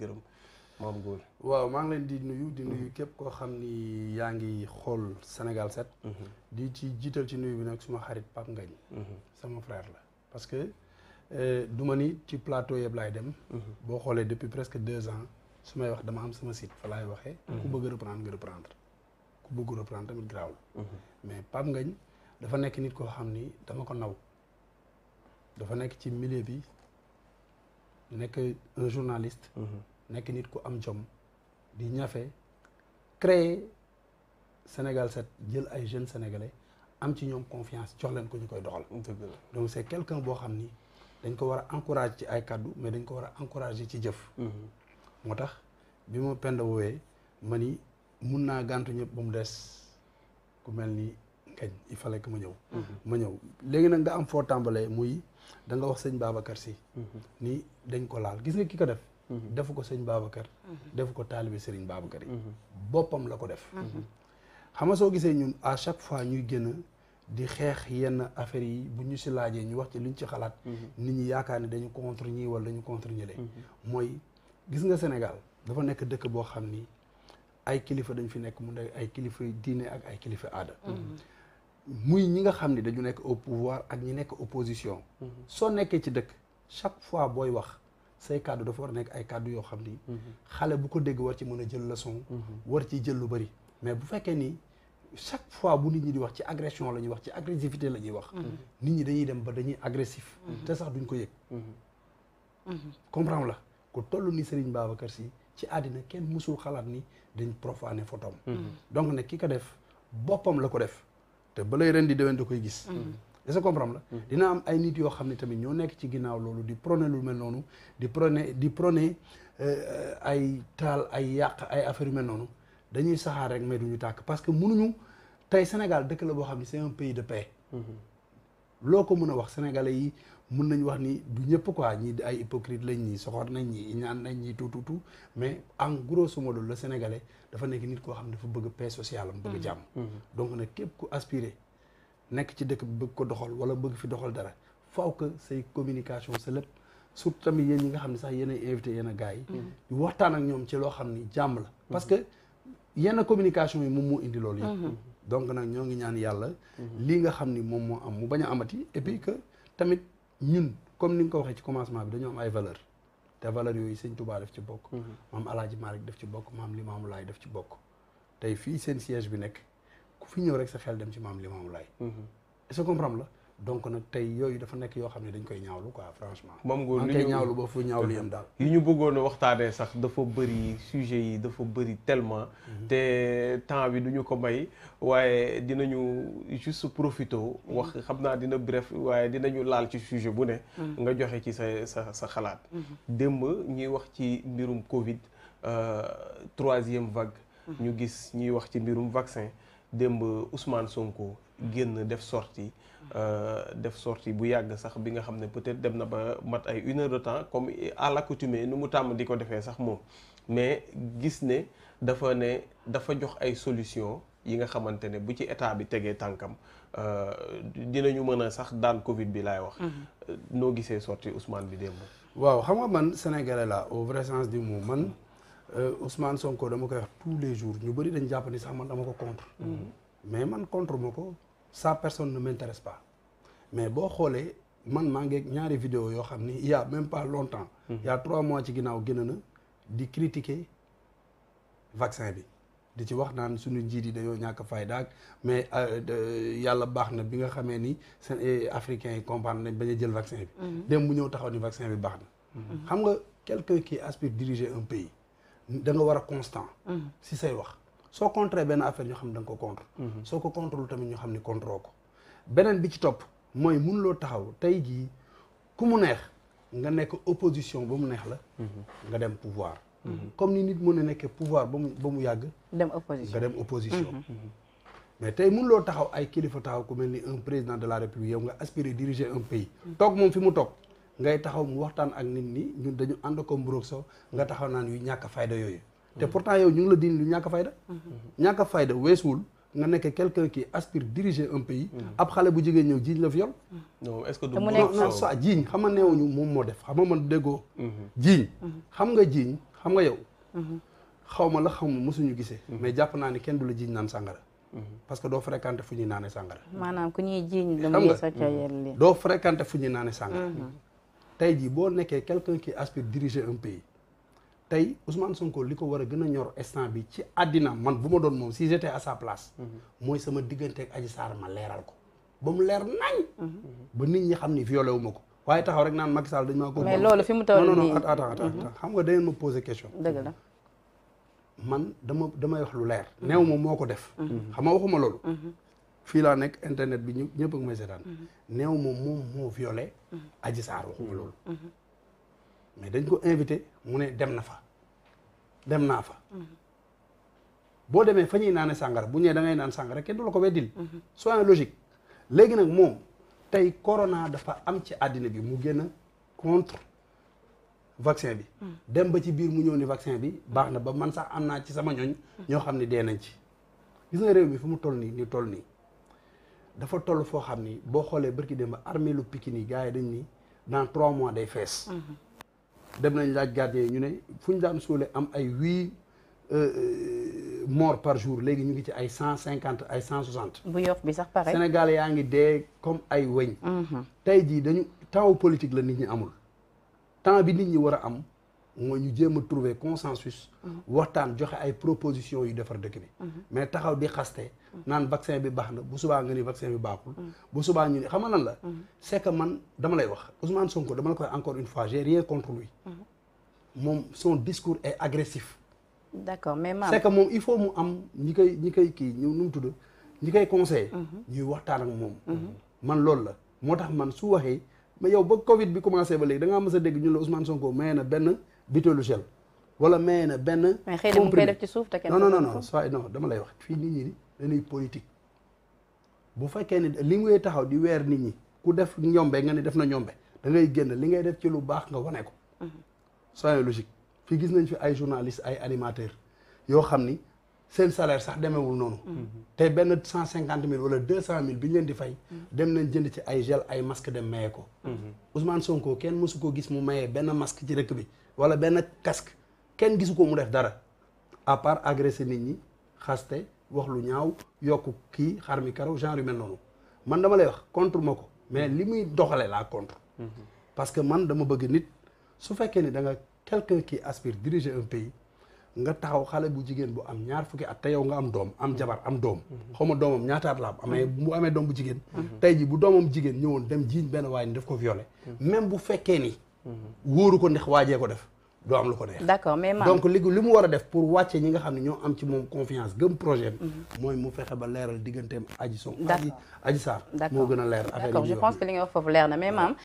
gërëm maam góor waaw maa ngi leen di nuyu di nuyu képp koo xam ni yaa ngi xool Sénégal 7 mhm. di ci jiital ci nuyu bi nag suma xarit Pape Ngagne mhm. sama frère la parce que euh, du ma ni ci plateau yëpp lay dem mhm. boo xoolee depuis presque deux ans su may wax dama am sama site fa laay waxee ku bëgg reprendre nga reprendre ku bëgg reprendre tamit garaawul mais Pape Ngagne dafa nekk nit koo xam ni dama ko naw dafa nekk ci milieu bi nekk un journaliste nekk nit ku am jom di ñafe créer Sénégal set jël ay jeunes sénégalais am ci ñoom confiance jox leen ko ñu koy doxal. donc c'est quelqu'un boo xam ni dañ ko war a encourager ci ay kàddu mais dañ ko war a encourager ci jëf. Mhm. moo tax bi ma pend woowee ma ni mun naa gantu ñëpp ba mu des ku mel ni ngañ il fallait que ma ñëw. Mhm. ma ñëw léegi nag nga am foo tàmbalee muy da nga wax sëñ Babacar si mhm. ni dañ ko laal gis nga ki ko def. Mhm. defu ko sëñ Babacar mhm. defu ko taalibe sëriñ Babacar yi mhm. boppam la ko def xam nga soo gisee ñun à chaque fois ñuy génn di xeex yenn affaires yi bu ñu si laajee ñu wax ci luñ ci xalaat nit ñu yaakaar ne dañu contre ñii wala dañu contre ñële mooy gis nga Sénégal dafa nekk dëkk boo xam ni ay kilifa dañ fi nekk mun nekk ay kilifa diine ak ay kilifa aada muy ñi nga xam ni dañu nekk au pouvoir ak ñi nekk opposition soo nekkee ci dëkk chaque fois booy wax say kàddu dafa war a nekk ay kaddu yoo xam ni. Mhm. xale bu ko dégg war ci mën a jël leçon. Mhm. war ci jël lu bëri. mais bu fekkee ni chaque fois bu nit ñi di wax ci agression la ñuy wax ci agressivité la ñuy wax. Mhm. nit ñi dañuy dem ba dañuy agressif. te sax duñ ko yëg. comprendre la ku toll ni Serigne kër si ci àddina kenn mosul xalaat ni dañ profané photom donc nag ki ko def boppam la ko def te ba lay ren di déwén da koy gis. est-ce la mm-hmm. dina am ay nit yoo xam ne tamit ñoo nekk ci ginnaaw loolu di prôné lu mel noonu di prôné di prôné euh, ay taal ay yàq ay affaire yu mel noonu dañuy saxaar rek mais duñu tàkk parce que mënuñu tey Sénégal dëkk la boo xam ne c'est un pays de paix mm-hmm. loo ko mën a wax sénégalais yi mun nañ wax ni du ñëpp quoi ñii ay hypocrite lañ ñii soxor nañ ñii ñaan nañ ñii tout tout mais en grosso modo le sénégalais dafa nekk nit koo xam ne dafa bëgg paix sociale am bëgg mm-hmm. jàmm donc nag képp ku aspiré nekk ci dëkk bi bëgg ko doxal wala bëgg fi doxal dara faaw que say communication sa lépp surtout tamit yéen ñi nga xam ne sax yéen invité yéen a gars yi mm. waxtaan ak ñoom ci loo xam ni jàmm la mm-hmm. parce que yenn communication yi moom moo indi loolu yëpp mm-hmm. donc nag ñoo ngi ñaan yàlla mm-hmm. lii nga xam ni moom moo am mu bañ a amati et puis que tamit ñun comme ni nga ko waxee ci commencement bi dañoo am ay valeur te valeur yooyu sëñ Touba def ci bokk maam Alaaji Malick def ci bokk maam Limaamu Laay def ci bokk tey bi nekk fi ñëw rek sa xel dem ci maam Limaamu Laay mhm. est-ce que la donc nag tey yooyu dafa nekk yoo xam ne dañ koy ñaawlu quoi franchement maam Ngor li ñu ñaawlu ba fu ñaawlu yem daal yi ñu bëggoon a waxtaanee sax dafa bëri sujet yi dafa bëri tellement mhm. te temps bi duñu ko may waaye dinañu juste profité mhm. wax xam naa dina bref waaye dinañu laal ci sujet bu ne nga joxe ci sa sa sa xalaat démb ñuy wax ci mbirum Covid euh, troisième vague ñu gis ñuy wax ci mbirum vaccin démb Ousmane Sonko génn def sortie euh, def sortie bu yàgg sax bi nga xam ne peut-être dem na ba mat ay une heure de temps comme à l'accoutumée nu mu tàmm di ko defee sax moom mais gis ne dafa ne dafa jox ay solution yi nga xamante ne bu ci état bi tegee tànkam euh, dinañu mën a sax daan Covid bi laay wax. Mhm. Euh, noo gisee sorti Ousmane bi démb. waaw xam nga man sénégalais la au vrai sens du man. Euh, Ousmane Sonko dama koy wax tous les jours ñu bëri dañ jàpp ni sax man dama ko contre. Mm-hmm. mais man contre ma ko sa personne ne m'intéresse mais boo xoolee man maa ngi ñaari vidéo yoo xam ni il même pas longtemps. Mm-hmm. il y mois ci ginnaaw génn na di critiquer vaccin bi. di ci wax naan suñu njiit yi dañoo ñàkk fayda ak mais euh, yàlla baax na bi nga xamee ni seen eh, africains yi comprendre bañ jël vaccin bi. Mm-hmm. dem mu ñëw taxaw ni vaccin bi baax na. xam nga quelqu'un qui aspire diriger un pays. da nga war a constant. Mm-hmm. si say wax soo contre benn affaire ñu xam ne da ko contre. Mm-hmm. soo ko contrôle tamit ñu xam ne contrôle ko. beneen bi ci topp mooy loo taxaw tey jii ku mu neex nga nekk opposition ba mu neex la. Mm-hmm. nga dem pouvoir. comme ni nit mun a nekkee pouvoir ba mu ba mu yàgg. dem opposition nga dem opposition. mais tey loo taxaw ay kilifa taxaw ku mel ni un président de la république yow nga aspirer diriger un pays. toog moom fi mu toog. ngay taxaw mu waxtaan ak nit ñi ñun dañu ànd ko mburoog so nga taxaw naan yu ñàkk fayda yooyu te mm-hmm. pourtant yow ñu ngi la diin lu ñàkk fayda mm-hmm. ñàkk fayda weesuwul nga nekk quelqu'un qui aspire diriger un pays mm-hmm. ab xale bu jigéen ñëw jiiñ la viol non est-ce que du non soit jiiñ xam nga neewuñu moom moo def xam nga man déggoo xam nga jiiñ xam nga yow xaw ma la xaw ma mosuñu gisee mais jàpp naa ni kenn du la jiiñ naan sàngara parce que doo fréquenté fu ñu naane sàngara maanaam ku ñuy jiiñ dama sa fu ñuy naane sàngara tey jii boo nekkee quelqu'un qui aspire diriger un pays tey Ousmane Sonko li ko war a gën a ñor instant bi ci àddina man bu ma doon moom si j'étais à sa place. Mhm. mooy sama diggante ak Adji Sarr ma leeral ko ba mu leer nañ. Mhm. ba nit ñi xam ni violé wu ko. waaye taxaw rek naan mag Sall dañ ma ko. mais loolu fi mu toll nii non mhm. xam nga dangeen ma poser question. dëgg la. man dama damay wax lu leer. new ma moo ko def. xam ma waxuma loolu. fii laa nekk internet bi ñëpp ak may seetaan mhm. néew moom moom moo violé Adji Sarr waxuma mhm. loolu mhm. mais dañ ko invité mu ne dem na fa dem naa fa boo demee fa ñuy naane sàngara bu ñëwee da naan sàngara kenn du la ko weddil soyons logique léegi nag moom tey corona dafa am ci àddina bi mu génn a contre vaccin bi dem ba ci biir mu ñëw ni vaccin bi baax na ba man sax am naa ci sama ñooñ ñoo xam ne dee nañ ci gis nga réew bi fu mu toll nii ni toll nii dafa toll foo xam ni boo xoolee barki démb armée lu Pikine yi gars yi dañ ni dans trois mois day fees mhm. dem nañ laaj gardien ñu ne fu ñu daan suule am ay huit euh, euh, morts par jour léegi ñu ngi ci ay cent cinquante ay cent soixante bu yokk bi sax pare Sénégal yaa ngi dee comme ay weñ mhm. tey jii dañu temps politique la nit ñi amul temps bi nit ñi war a am mooy ñu a trouver consensus. waxtaan joxe ay propositions yu bi. mais taxaw di xaste. naan vaccin bi baax na bu subaa nga ni vaccin bi baaxul. bu subaa ñu ne xam nga lan la. c'est que man dama lay wax Ousmane Sonko dama la koy encore une fois j'ai rien contre lui. moom son discours est agressif. d'accord moom il faut mu am ñi koy ñi koy kii ñu nu mu tudd ñi koy conseillé. ñuy waxtaan ak moom. man loolu la moo tax man su waxee mais yow ba Covid bi commencé ba léegi da ngaa mës a dégg ñu la Ousmane Sonko maye benn. bitéelu gel wala maye na benn. mais xëy na mu koy def ci suuf te kenn. non non non soit non dama lay wax fii nit ñi dañuy politique bu fekkee ne li ngay taxaw di weer nit ñi ku def ñombe nga ne def na ñombe da ngay génn li ngay def ci lu baax nga wane ko. Mhm. soyez logique fii gis nañ fi ay journalistes ay animateurs yoo xam ni. seen salaire sax demeewul noonu. Mm-hmm. te benn cent cinquante mille wala deux cent mille bi ñu leen di fay. Mm-hmm. dem nañ jënd ci ay gel ay masque dem maye ko. Mm-hmm. Ousmane Sonko kenn mësu ko gis mu maye benn masque ci rëkk bi wala benn casque kenn gisu ko mu def dara à part agresser nit ñi xaste wax lu ñaaw yokk kii xar mi karaw genre yu mel noonu man dama lay wax contre ma ko mais li muy doxale laa contre. parce que man dama bëgg nit su fekkee ni da nga quelqu'un qui aspire diriger p nga taxaw xale bu jigéen bu am ñaar fukki at te yow nga am doom am jabar am doom mm-hmm. xaw ma doomam ñaataat la am amee mm-hmm. bu amee doom bu jigéen mm-hmm. tey ji bu doomam jigéen ñëwoon dem jiiñ benn waay ni def ko violé même bu fekkee ni wóoru ko ndax waajee ko def doo am lu ko neex d'accord mais maam donc li li mu war a def pour wàcce ñi nga xam ne ñoo am ci moom confiance gëm projet mooy mu fexe ba leeral digganteem aji son aji aji saar moo gën a leeral affaire je pense que li nga wax foofu leer na mais maam